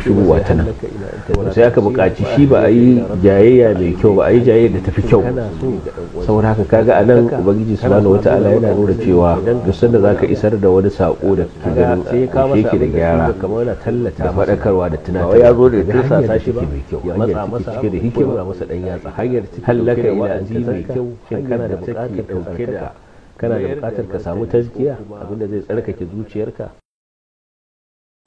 fi shigowa ta nan sai aka buƙaci shi ba a yi jayayya mai kyau ba a yi jayayya da tafi kyau saboda haka kaga a nan ubangiji subhanahu wata'ala yana nuna cewa duk sanda zaka isar da wani sako da ke ganin yake da gyara da faɗakarwa da tunatarwa ya zo da sa shi ke mai kyau hanyar cike da hikima masa dan yatsa hanyar halaka ila azizi mai kyau shi kana da buƙatar dauke da kana da buƙatar ka samu tazkiya abinda zai tsarkake zuciyarka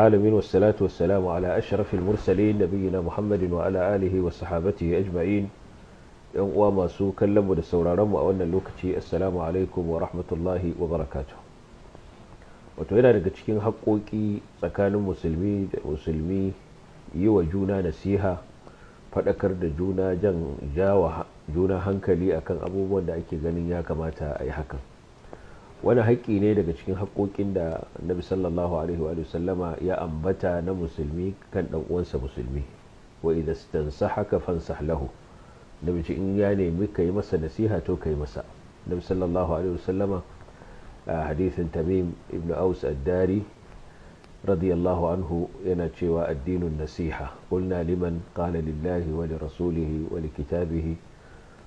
العالمين والصلاة والسلام على أشرف المرسلين نبينا محمد وعلى آله وصحابته أجمعين ‘yan uwa masu kallonmu da sauraronmu a wannan lokaci assalamu alaikum wa rahmatullahi wa barakatu wato yana daga cikin haƙoƙi tsakanin musulmi da musulmi yi wa juna nasiha faɗakar da juna jan jawa juna hankali akan abubuwan da ake ganin ya kamata a yi hakan wani haƙƙi ne daga cikin haƙƙoƙin da annabi sallallahu alaihi wa sallama ya ambata na musulmi kan ɗan uwansa musulmi wa tansa haka fansah lahu nabi ce in ya nemi yi masa nasiha to kai masa nabi sallallahu alaihi wa sallama a hadithin tamim ibn aus addari dari radiyallahu anhu yana cewa addinin nasiha qulna liman qala lillahi wa li rasulihi wa li kitabihi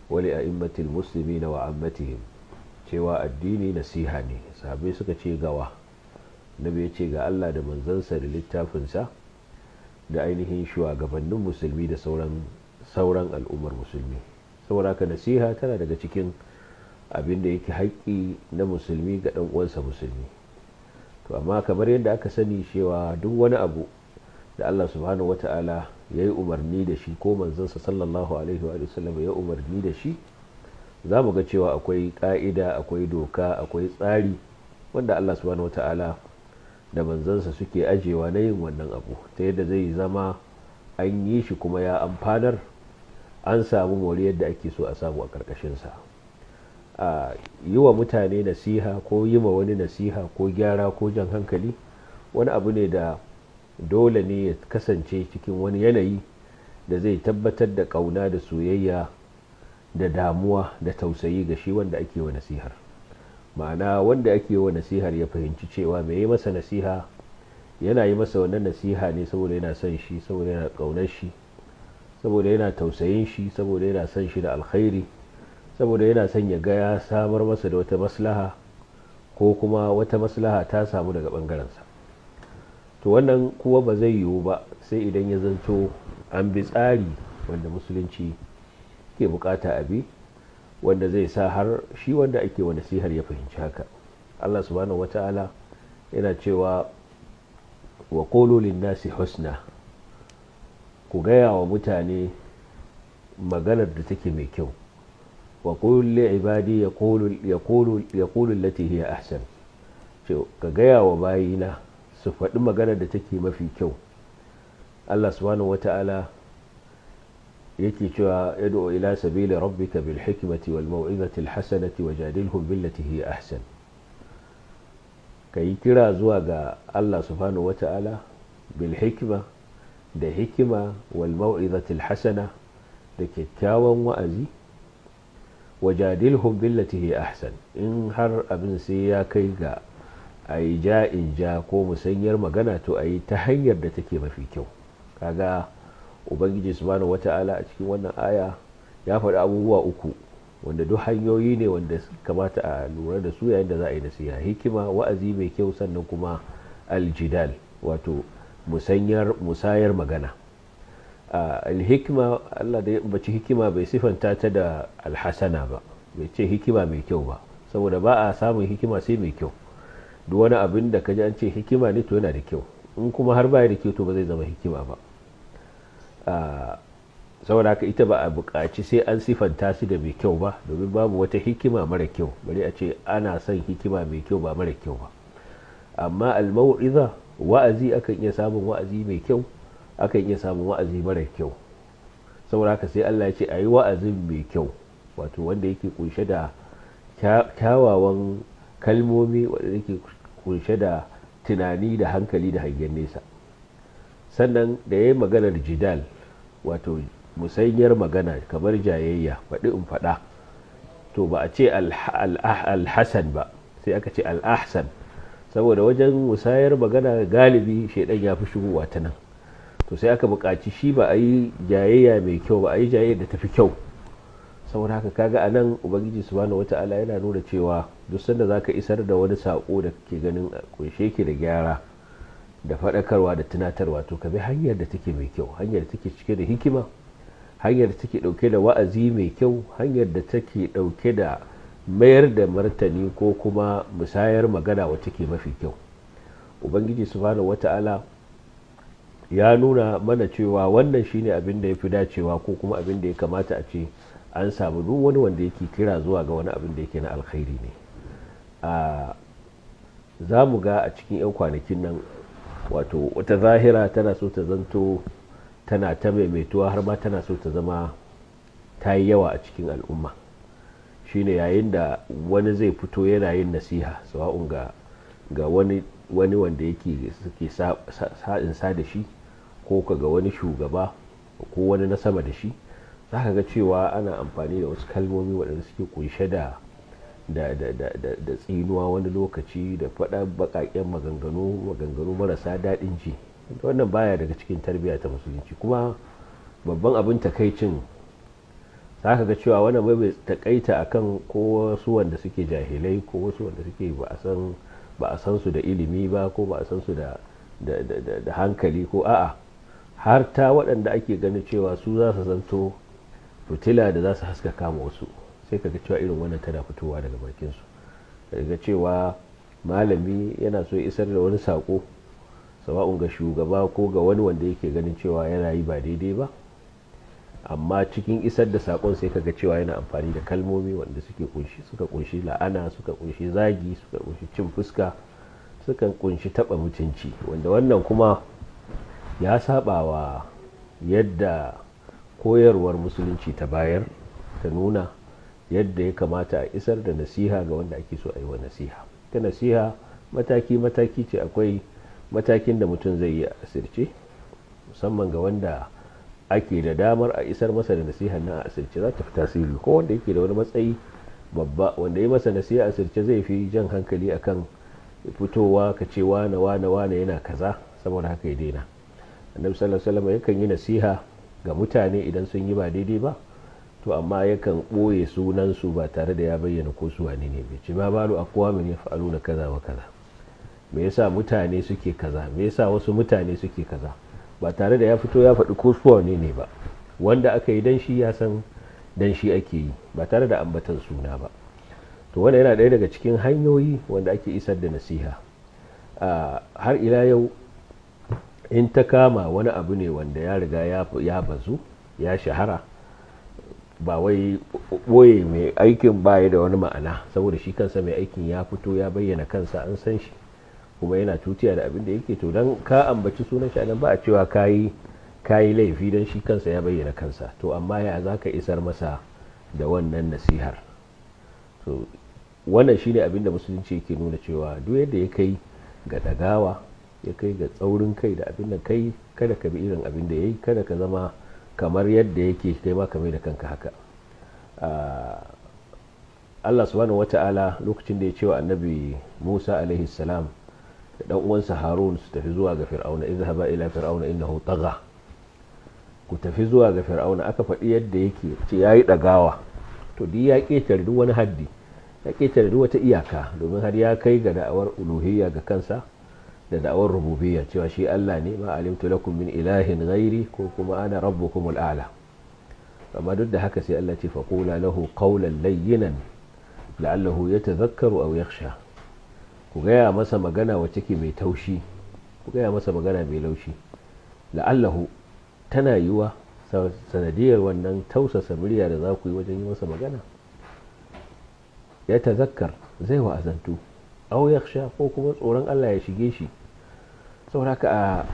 wa li a'immatil muslimina wa ammatihim cewa addini nasiha ne sahabai suka ce gawa nabi ya ce ga allah da manzansa da littafinsa da ainihin shugabannin musulmi da sauran al'ummar musulmi saboda haka nasiha tana daga cikin abin da yake haƙƙi na musulmi ga ɗan uwansa musulmi to amma kamar yadda aka sani cewa duk wani abu da Allah subhanahu wata'ala ya yi umarni da shi ko manzansa sallallahu alaihi wa sallam ya umarni da shi za mu ga cewa akwai ƙa'ida akwai doka akwai tsari wanda allah subhanahu wata'ala da manzansa suke ajewa na yin wannan abu ta yadda zai zama an yi shi kuma ya amfanar an samu mori yadda ake so a samu a ƙarƙashinsa a yi wa mutane nasiha ko yi ma wani nasiha ko gyara ko jan hankali wani abu ne da dole ne ya kasance cikin wani yanayi da zai tabbatar da ƙauna da soyayya da damuwa da tausayi ga shi wanda ake wa nasihar ma'ana wanda ake wa nasihar ya fahimci cewa mai yi masa nasiha yana yi masa wannan nasiha ne saboda yana son shi saboda yana ƙaunar shi saboda yana tausayin shi saboda yana son shi da alkhairi saboda yana son ya gaya samar masa da wata maslaha ko kuma wata maslaha ta samu daga ɓangarensa to wannan kuwa ba zai yiwu ba sai idan ya zanto an bi tsari wanda musulunci ke bukata a bi wanda zai sa har shi wanda ake wa nasihar ya fahimci haka Allah subhanahu wata'ala yana cewa wa qulu nasi husna ku gaya wa mutane maganar da take mai kyau wa qul ibadi yaqulu ya yaqulu ahsan ka gaya wa bayina su faɗi maganar da take mafi kyau Allah subhanahu wata'ala yake cewa o ila sabili rabbika bil hikmati wal maw'izati al hasanati wajadilhum billati hi ahsan kai kira zuwa ga Allah subhanahu wata'ala bil hikma da hikima wal maw'izati al hasana da kyakkyawan wa'azi wajadilhum billati hi ahsan in har abin sai ya kai ga ayi ja in ja ko musanyar magana to ayi ta hanyar da take mafi kyau kaga ubangiji subhanahu wata'ala a cikin wannan aya ya faɗi abubuwa uku wanda duk hanyoyi ne wanda kamata a lura da su yayin da za a yi nasiha hikima wa'azi mai kyau sannan kuma aljidal wato musayar musayar magana alhikima Allah da ya hikima bai sifanta ta da alhasana ba bai ce hikima mai kyau ba saboda ba a samun hikima sai mai kyau duk wani abin da ka ji an ce hikima ne to yana da kyau in kuma har baya da kyau to ba zai zama hikima ba saboda haka ita ba a buƙaci sai an sifanta su da mai kyau ba domin babu wata hikima mara kyau bari a ce ana son hikima mai kyau ba mara kyau ba amma almau'iza wa'azi akan iya samun wa'azi mai kyau akan iya samun wa'azi mara kyau saboda haka sai Allah ya ce a yi wa'azin mai kyau wato wanda yake kunshe da kyawawan kalmomi wanda yake kunshe da tunani da hankali da hangen nesa sannan da ya yi maganar jidal wato musayyar magana kamar jayayya faɗi in faɗa to ba a ce alhassan ba sai aka ce al'ahsan saboda wajen musayar magana galibi shaidan ya fi shigowa ta nan to sai aka buƙaci shi ba a yi jayayya mai kyau ba a yi jayayya da tafi kyau saboda haka kaga a nan ubangiji su wata ala yana nuna cewa duk sanda ka isar da wani saƙo da ke ganin kunshe ke da gyara da faɗakarwa da tunatarwa to ka bi hanyar da take mai kyau hanyar da take cike da hikima hanyar da take ɗauke da wa'azi mai kyau hanyar da take ɗauke da mayar da martani ko kuma musayar magana wacce ke mafi kyau ubangiji wata wata'ala ya nuna mana cewa wannan shine abin da ya fi dacewa ko kuma abin da ya kamata a ce an samu duk wani wanda yake kira zuwa ga wani abin da yake na alkhairi ne ah, za mu ga a cikin 'yan kwanakin nan wato wata zahira tana so ta zanto tana ta maimaituwa har ma tana so ta zama ta yi yawa a cikin al'umma shine yayin da wani zai fito yana yin nasiha sawa'un ga wani wanda yake suke sa'in sa da shi ko ga wani shugaba ko wani na sama da shi za ka ga cewa ana amfani da wasu kalmomi waɗanda suke kunshe da da da tsinuwa wani lokaci da faɗa baƙaƙen maganganu maganganu marasa daɗin ji wannan baya daga cikin tarbiyya ta musulunci kuma babban abin takaicin za ka ga cewa wannan bai bai takaita akan ko wasu wanda suke jahilai ko wasu wanda suke ba a san su da ilimi ba ko ba a san su da hankali ko a'a har ta waɗanda ake ganin cewa su za su zanto fitila da za su haskaka wasu sai ka ga cewa irin wannan tana fitowa daga bakin su ga cewa malami yana so isar da wani sako sawa'un ga shugaba ko ga wani wanda yake ganin cewa yana yi ba daidai ba amma cikin isar da sakon sai kaga cewa yana amfani da kalmomi wanda suke kunshi suka kunshi la'ana suka kunshi zagi suka kunshi cin fuska suka kunshi taba mutunci wanda wannan kuma ya sabawa yadda koyarwar musulunci ta bayar ta nuna yadda ya kamata a isar da nasiha ga wanda ake so a yi wa nasiha ta nasiha mataki mataki ce akwai matakin da mutum zai yi a asirce musamman ga wanda ake da damar a isar masa da nasiha na asirce za ta fi tasiri ko wanda yake da wani matsayi babba wanda yi masa nasiha a asirce zai fi jan hankali akan fitowa ka ce wane wane wane yana kaza saboda haka ya daina annabi sallallahu alaihi wasallam yakan yi nasiha ga mutane idan sun yi ba daidai ba to amma yakan ɓoye sunansu ba tare da ya bayyana ko su wani ne bai ce ma balu aqwamin na kaza wa kaza me yasa mutane suke kaza me yasa wasu mutane suke kaza ba tare da ya fito ya faɗi ko su wani ne ba wanda aka yi dan shi ya san dan shi ake yi ba tare da ambatan suna ba to wannan yana ɗaya daga cikin hanyoyi wanda ake isar da nasiha har ila yau in ta kama wani abu ne wanda ya riga ya bazu ya shahara ba wai boye mai aikin baya da wani ma'ana saboda shi kansa mai aikin ya fito ya bayyana kansa an san shi kuma yana tutiya da abin da yake to don ka ambaci sunan shi anan ba a cewa kayi kayi laifi don shi kansa ya bayyana kansa to amma ya za ka isar masa da wannan nasihar to wannan shine abin da musulunci yake nuna cewa duk yadda ya kai ga dagawa ya kai ga tsaurin kai da abin da kai kada ka bi irin abin da ya yi kada ka zama kamar yadda yake kai ma kamar da kanka haka ah, Allah subhanahu wata'ala lokacin da ya cewa annabi Musa alaihi salam da dan uwansa Harun su tafi zuwa ga Fir'auna izhaba ila fir'auna innahu tagha ku tafi zuwa ga Fir'auna aka faɗi yadda yake ce yayi dagawa to duk ya ketare duk wani haddi ya ketare duk wata iyaka domin har ya kai ga da'awar uluhiyya ga kansa da da'awar rububiyya cewa shi Allah ne ma alimtu lakum min ilahin ghairi ko kuma ana rabbukum al'ala amma duk da haka sai Allah ce faqula lahu qawlan layyinan la'allahu yatadhakkaru aw yakhsha ku ya masa magana wacce ke mai taushi ku gaya masa magana mai laushi la'allahu tana yiwa sanadiyar wannan tausasa murya da za ku yi wajen yi masa magana ya tazakkar zai wa'azantu auyar sha ko kuma tsoron Allah ya shige shi saboda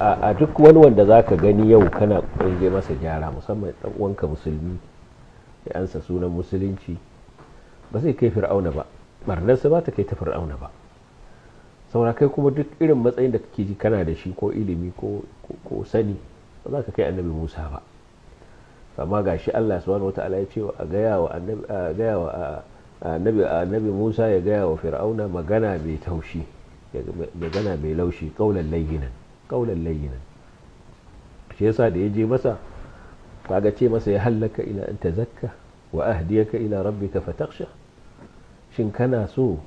a duk wani wanda za ka gani yau kana kunje masa gyara musamman ɗan uwanka musulmi ya ansa sunan musulunci ba zai kai fir'auna ba barnarsa ba ta kai ta fir'auna ba saura kai kuma duk irin matsayin da kake ji kana da shi ko ilimi ko sani ba za ka kai annabi musa ba amma ga shi allah subhanahu wa ta'ala ya ce a gaya wa annabi musa ya gaya wa fir'auna magana mai taushi magana mai laushi kaulan layyinan kaulan layyinan shi yasa da ya je masa kaga ce masa ya hallaka ila an tazakka wa ahdiyaka ila rabbika fatakhsha shin kana so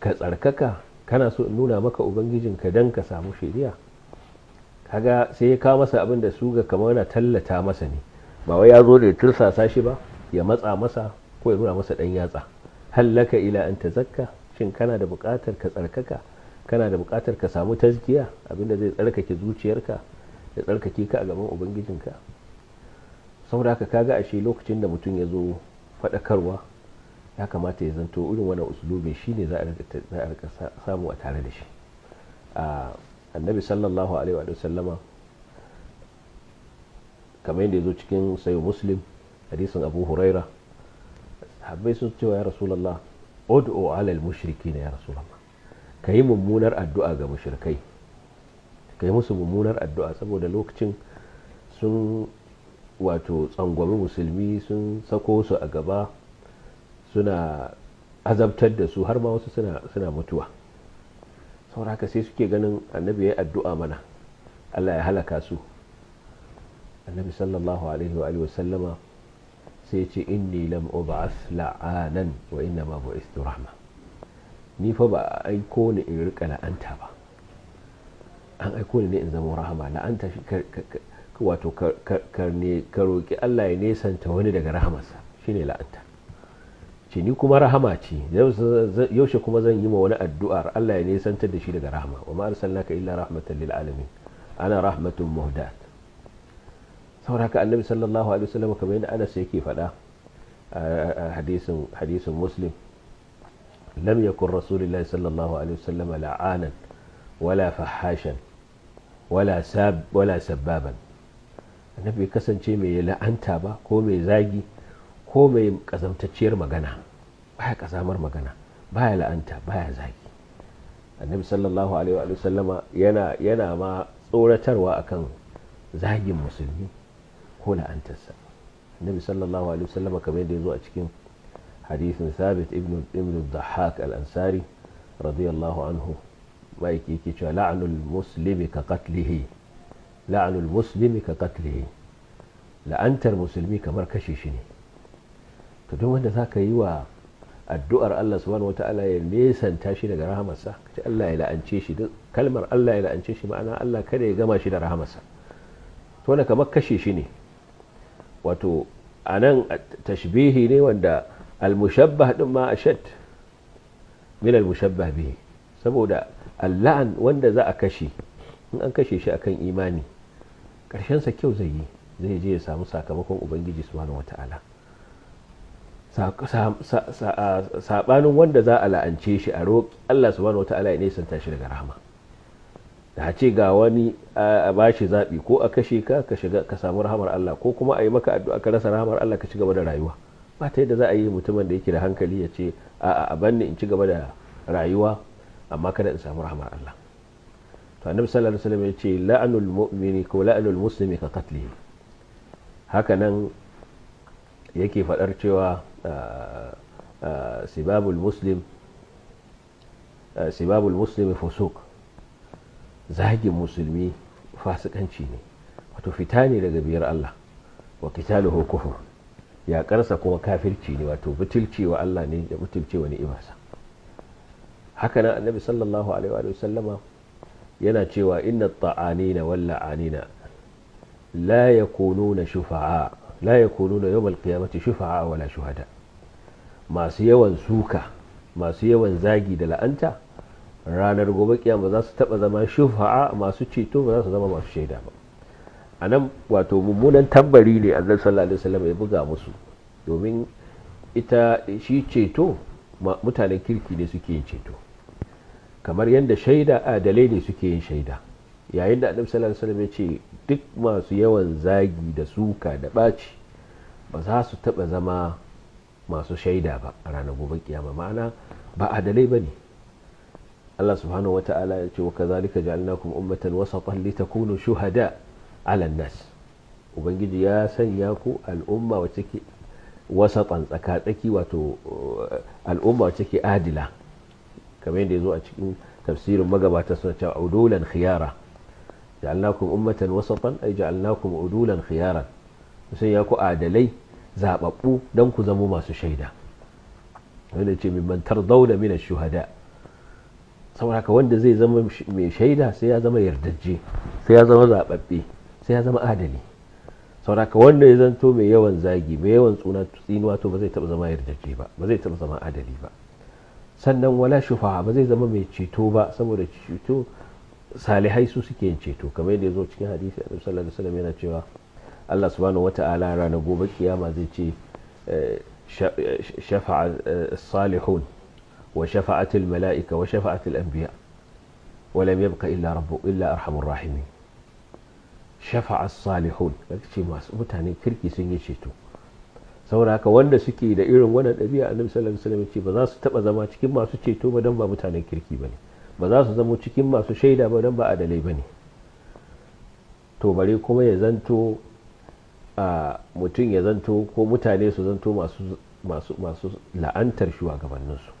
ka tsarkaka kana so in nuna maka ka dan ka samu shari'a kaga sai ya kawo masa abin da su ga kamar na tallata masa ne ba wai ya zo da ya tursasa shi ba ya matsa masa ko ya nuna masa dan yatsa hallaka ila an tazakka shin kana da buƙatar ka tsarkaka kana da buƙatar ka samu tazkiya abinda zai tsarkake zuciyarka ya tsarkake ka a gaban ubangijinka saboda haka kaga ashe lokacin da mutum ya zo faɗakarwa ya kamata ya zanto irin wannan usulubi shine za a rika samu a tare da shi annabi sallallahu alaihi wa sallama kamar yadda ya zo cikin sayo muslim hadisin abu huraira sahabbai sun cewa ya rasulullah ud'u alal mushriki ya rasulallah ka yi mummunar addu'a ga mushrikai ka yi musu mummunar addu'a saboda lokacin sun wato tsangwami musulmi sun sako su a gaba suna azabtar da su har ma wasu suna mutuwa sauraka sai suke ganin annabi ya yi addu'a mana allah ya halaka su annabi sallallahu alaihi wa sallama sai ce inni lam ub'ath la'anan wa inna ma bu'istu rahma ni fa ba aiko ni in rika la'anta ba an aiko ni ne in zama rahama la'anta shi ka wato ka roƙi Allah ya nesanta wani daga rahamarsa shine la'anta ce ni kuma rahama ce yaushe kuma zan yi ma wani addu'ar Allah ya nesantar da shi daga rahama wa ma arsalnaka illa rahmatan lil alamin ana rahmatun muhdat sauraka annabi sallallahu alaihi wasallam kamar yadda anas yake faɗa a hadisin hadisin muslim lam yakun rasulullahi sallallahu alaihi wasallam la'anan wala fahashan wala sab wala sabbaban annabi kasance mai la'anta ba ko mai zagi ko mai kazamtacciyar magana baya kazamar magana baya la'anta baya zagi annabi sallallahu alaihi wasallama yana yana ma tsoratarwa akan zagin musulmi ko la'antarsa annabi sallallahu alaihi wasallam kamar yadda ya zo a cikin hadisin sabit ibn ibn dhahak al-ansari radiyallahu anhu ma'aiki yake cewa la'anul muslimi ka qatlihi la'anul muslimi ka qatlihi la'antar musulmi kamar kashe shi ne to duk wanda zaka yi wa addu'ar Allah subhanahu wata'ala ya nesanta shi daga rahamarsa kace Allah ya la'ance shi kalmar Allah ya la'ance shi ma'ana Allah kada ya gama shi da rahamarsa to wanda kamar kashe shi ne wato a nan tashbihi ne wanda almushabbah din ma ashad min almushabbah bihi saboda allan wanda za a kashe in an kashe shi akan imani sa kyau zai yi zai je ya samu sakamakon ubangiji subhanahu wata'ala sabanin wanda za a la'ance shi a roƙi Allah subhanahu wata'ala ya nisanta shi daga rahama da a ce ga wani a bashi zaɓi ko a kashe ka ka shiga ka samu rahamar Allah ko kuma a yi maka addu'a ka rasa rahamar Allah ka ci gaba da rayuwa ba ta yadda za a yi mutumin da yake da hankali ya ce a'a a banni in ci gaba da rayuwa amma kada in samu rahamar Allah to annabi sallallahu alaihi wasallam ya ce la'anul mu'mini ko la'anul muslimi ka qatlihi haka nan yake fadar cewa sibabul muslim sibabul muslimi fusuk zagin musulmi fasikanci ne wato fita ne daga biyar Allah wa qitaluhu Ya yaƙarsa kuma kafirci ne wato butulci wa Allah ne da butulci wa ni'imarsa haka nan annabi sallallahu alaihi wa sallama yana cewa inna ta'anina wal la'anina la yakununa shufa'a la yakununa yawmal qiyamati shufa'a wala shuhada masu yawan suka masu yawan zagi da la'anta ranar gobe kiyama za su taba zama shufa'a masu ceto ba za su zama masu shaida ba a nan wato mummunan tambari ne annabi sallallahu alaihi wasallam ya buga musu domin ita shi ceto mutanen kirki ne suke yin ceto kamar yadda shaida adalai ne suke yin shaida yayin da annabi sallallahu alaihi ya ce duk masu yawan zagi da suka da ɓaci ba za su taɓa zama masu shaida ba a ranar gobe kiyama ma'ana ba adalai ba ne الله سبحانه وتعالى وكذلك جعلناكم أمة وسطا لتكونوا شهداء على الناس وبنجد يا سنياكو الأمة وتكي وسطا زكاتكي وتو الأمة وتكي عادلة كمان يزوء تفسير مقبة عدولا خيارا جعلناكم أمة وسطا أي جعلناكم عدولا خيارا سنياكو عادلي زاببو دمكو زمو ما سشيدا من ترضون من الشهداء saboda wanda zai zama mai shaida sai ya zama yardajje sai ya zama zaɓaɓɓe sai ya zama adali sauraka wanda ya zanto mai yawan zagi mai yawan tsuna tsinuwa to ba zai taba zama yardace ba ba zai taba zama adali ba sannan wala shufa ba zai zama mai ceto ba saboda ceto salihai su suke yin ceto kamar yadda ya zo cikin hadisi a sallallahu alaihi wasallam yana cewa Allah subhanahu wata'ala ranar gobe kiyama zai ce eh, eh, shafa'a eh, salihun wa shafa'atul mala'ika wa shafa'atul anbiya wa lam yabqa illa rabbu illa arhamur rahimin shafa'a salihun kace masu mutane kirki sun yi ceto saboda haka wanda suke da irin wannan ɗabi'a annabi sallallahu alaihi wasallam ce ba za su taɓa zama cikin masu ceto ba don ba mutanen kirki ba ne ba za su zama cikin masu shaida ba don ba adalai ba ne to bare kuma ya zanto a mutum ya zanto ko mutane su zanto masu la'antar shugabanninsu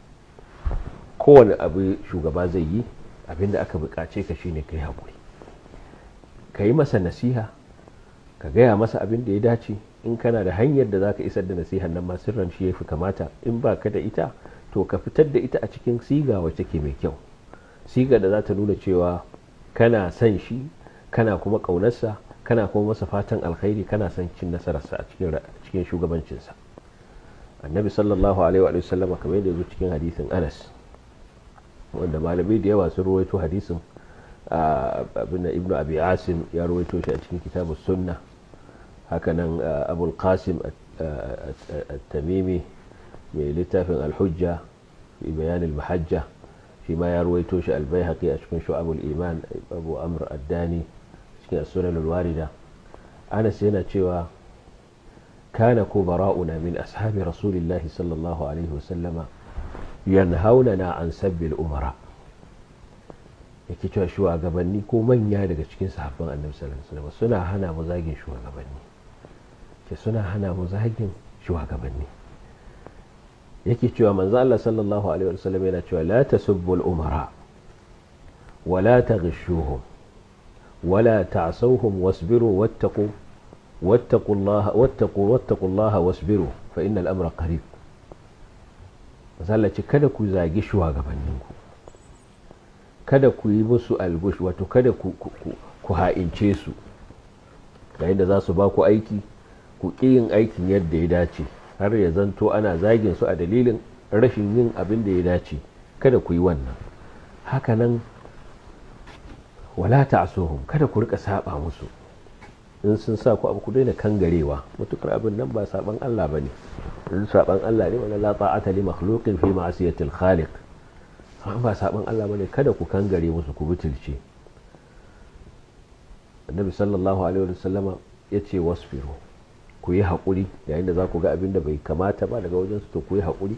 kowane abu shugaba zai yi abinda aka buƙace ka shine kai haƙuri ka yi masa nasiha ka gaya masa abin da ya dace in kana da hanyar da za ka isar da nasihar nan ma sirran shi ya fi kamata in ba ka da ita to ka fitar da ita a cikin siga wacce ke mai kyau siga da za ta nuna cewa kana son shi kana kuma ƙaunarsa kana kuma masa fatan alkhairi kana son cin nasararsa a cikin shugabancinsa annabi sallallahu alaihi wa sallama kamar yadda zo cikin hadisin anas wanda malamai da yawa sun ruwaito hadisin abin ibnu abi asim ya ruwaito shi a cikin kitabu sunna hakanan abul qasim at-tamimi mai littafin al-hujja fi bayan al-mahajja shi ma ya ruwaito shi al-baihaqi a cikin shu'abul iman abu amr ad-dani cikin sunan al-warida anas yana cewa kana kubara'una min ashabi rasulillahi sallallahu alaihi sallama. yanhaunana an sabbil umara yake cewa shugabanni ko manya daga cikin sahabban annabi sallallahu alaihi wasallam suna hana mu zagin shugabanni ke suna hana mu zagin shugabanni yake cewa manzo Allah sallallahu alaihi wasallam yana cewa la tasubbul umara ولا تغشوهم ولا تعصوهم واصبروا واتقوا واتقوا الله واتقوا واتقوا الله واصبروا فإن الأمر قريب zallaci kada ku zagi shugabanninku kada ku yi musu algush wato kada ku ha'ince su yayin da za su ba ku aiki ku ƙi yin aikin yadda ya dace har ya zanto ana zagin su a dalilin rashin yin abin da ya dace kada ku yi wannan hakanan wala sohun kada ku rika saba musu in sun sa ku abu ku daina kangarewa mutukar abin nan ba saban Allah ba ne. saban Allah ne wala ta'ata li makhluqin fi ma'siyati al-khaliq ba saban Allah bane kada ku kangare musu ku butulce annabi sallallahu alaihi wasallama yace wasfiru ku yi hakuri yayin da za ku ga abin da bai kamata ba daga wajen su to ku yi hakuri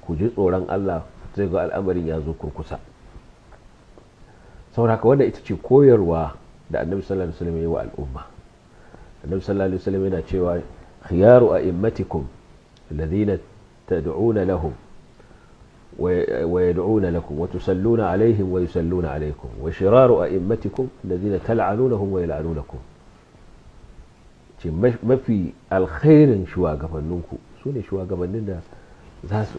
ku ji tsoron Allah zai ga al'amarin ya zo kurkusa sauraka wannan ita ce koyarwa da annabi sallallahu alaihi ya yi wa al'umma annabi sallallahu alaihi yana cewa khiyaru a'immatikum الذين تدعون لهم ويدعون لكم وتسلون عليهم ويسلون عليكم وشرار أئمتكم الذين تلعنونهم ويلعنونكم mafi alkhairin shugabanninku su ne shugabannin da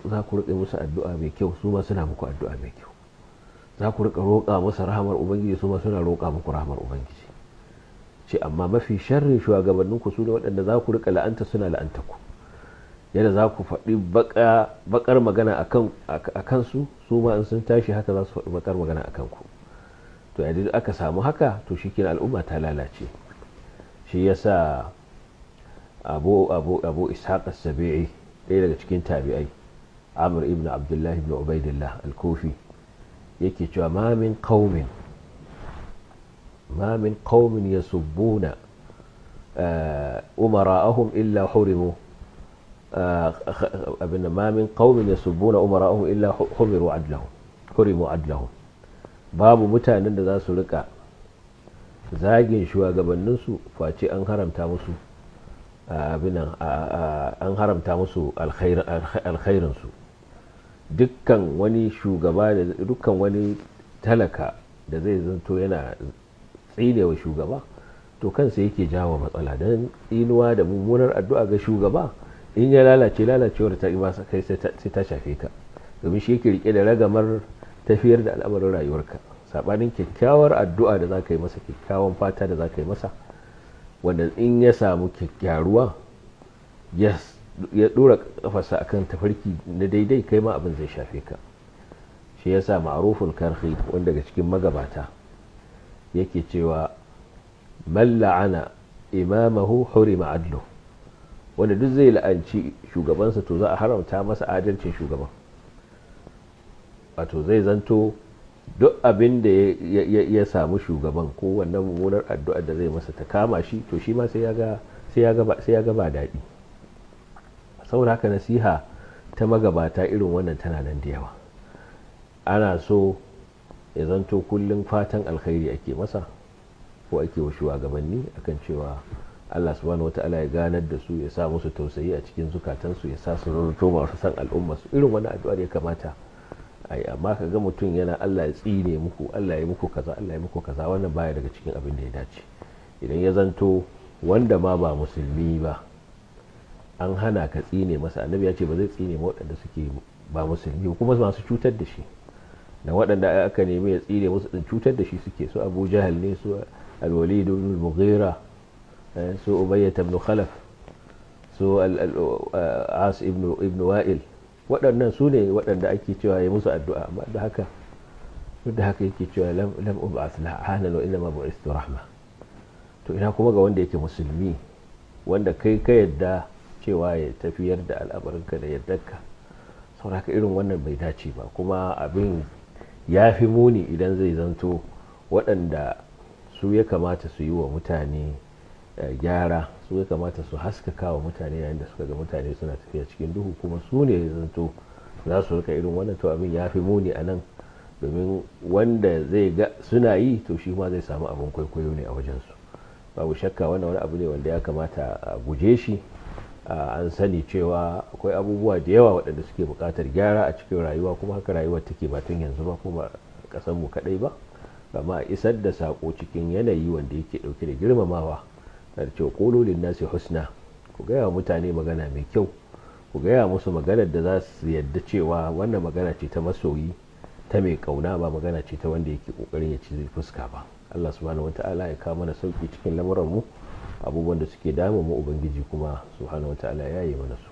za ku riƙe musu addu'a mai kyau su ma suna muku addu'a mai kyau za ku riƙa roƙa musu rahamar ubangiji su ma suna roƙa muku rahamar ubangiji ce amma mafi sharrin shugabanninku su ne waɗanda za ku riƙa la'anta suna la'anta ku yadda za ku faɗi baƙar magana a kansu su ma in sun tashi haka za su faɗi bakar magana a kanku to yadda aka samu haka to shi al'umma ta lalace shi ya sa abu abu abu sabi'i ɗaya daga cikin tabi'ai amur ibn abdullahi ibn ubaidillah al kofi yake cewa ma min qaumin ma min qaumin yasubbuna eh, umara'ahum illa hurimu abin ma min buna yasubbuna umara'ahum illa humiru adlahum babu mutanen da za su rika zagin shugabanninsu face an haramta musu abinan an haramta musu alkhairinsu dukkan wani shugaba da dukkan wani talaka da zai zanto yana tsinewa shugaba to kansa yake jawo matsala don tsinuwa da mummunar addu'a ga shugaba in ya lalace lalacewar ta ba kai sai ta shafe ka domin shi yake rike da ragamar tafiyar da al'amarin rayuwarka sabanin kyakkyawar addu'a da za ka yi masa kyakkyawan fata da za ka yi masa wanda in ya samu kyakkyaruwa ya dora kafarsa a kan tafarki na daidai kai ma abin zai shafe ka shi ya sa ma'arufin karfi wanda daga cikin magabata yake cewa man la'ana imamahu hurima adlu wanda duk zai la'anci shugabansa to za a haramta masa adalcin shugaban wato zai zanto duk abin da ya samu shugaban ko wannan mummunar addu'ar da zai masa ta kama shi to shi ma sai ya gaba daɗi saboda haka nasiha ta magabata irin wannan tana nan da yawa ana so ya zanto kullum fatan alkhairi ake masa ko ake wa shugabanni akan cewa Allah subhanahu ya ganar da su ya sa musu tausayi a cikin zukatansu ya sa su rarrato masu san al'umma su irin wani addu'ar ya kamata ai amma ka ga mutum yana Allah ya tsine muku Allah ya muku kaza Allah ya muku kaza wannan baya daga cikin abin da ya dace idan ya zanto wanda ma ba musulmi ba an hana ka tsine masa annabi ya ce ba zai tsine ma waɗanda suke ba musulmi kuma masu cutar da shi da waɗanda aka nemi ya tsine musu din cutar da shi suke su Abu Jahal ne su Al-Walid ibn Mughira Eh, su ubayya ibn khalaf su as ibn wa'il waɗannan su ne waɗanda ake cewa ya musu addu'a amma da haka da yake cewa lam ub'ath la'anan wa inna ma bu'istu rahma to ina kuma ga wanda yake musulmi wanda kai ka yadda cewa ya tafiyar da al'amarinka da yardarka sauraka irin wannan bai dace ba kuma abin ya fi muni idan zai zanto waɗanda su ya kamata su yi wa mutane Eh, gyara su ya kamata su haskaka wa mutane yayin da suka ga mutane suna tafiya cikin duhu kuma su ne zanto za su rika irin wannan to abin ya fi muni a nan domin wanda zai ga suna yi to shi ma zai samu abin kwaikwayo ne a wajensu babu shakka wannan wani abu ne wanda ya kamata a guje shi an sani cewa akwai abubuwa da yawa waɗanda suke buƙatar gyara a cikin rayuwa kuma haka rayuwar take ba tun yanzu ba kuma ƙasarmu mu kaɗai ba amma isar da saƙo cikin yanayi wanda yake ɗauke da girmamawa ce cewa qulu nasi husna ku gaya wa mutane magana mai kyau ku gaya musu maganar da za su yadda cewa wannan magana ce ta masoyi ta mai kauna ba magana ce ta wanda yake kokarin ya ci zai fuska ba Allah subhanahu wataala ya kawo mana sauki cikin lamuran mu abubuwan da suke damu mu ubangiji kuma subhanahu wataala ya yi mana su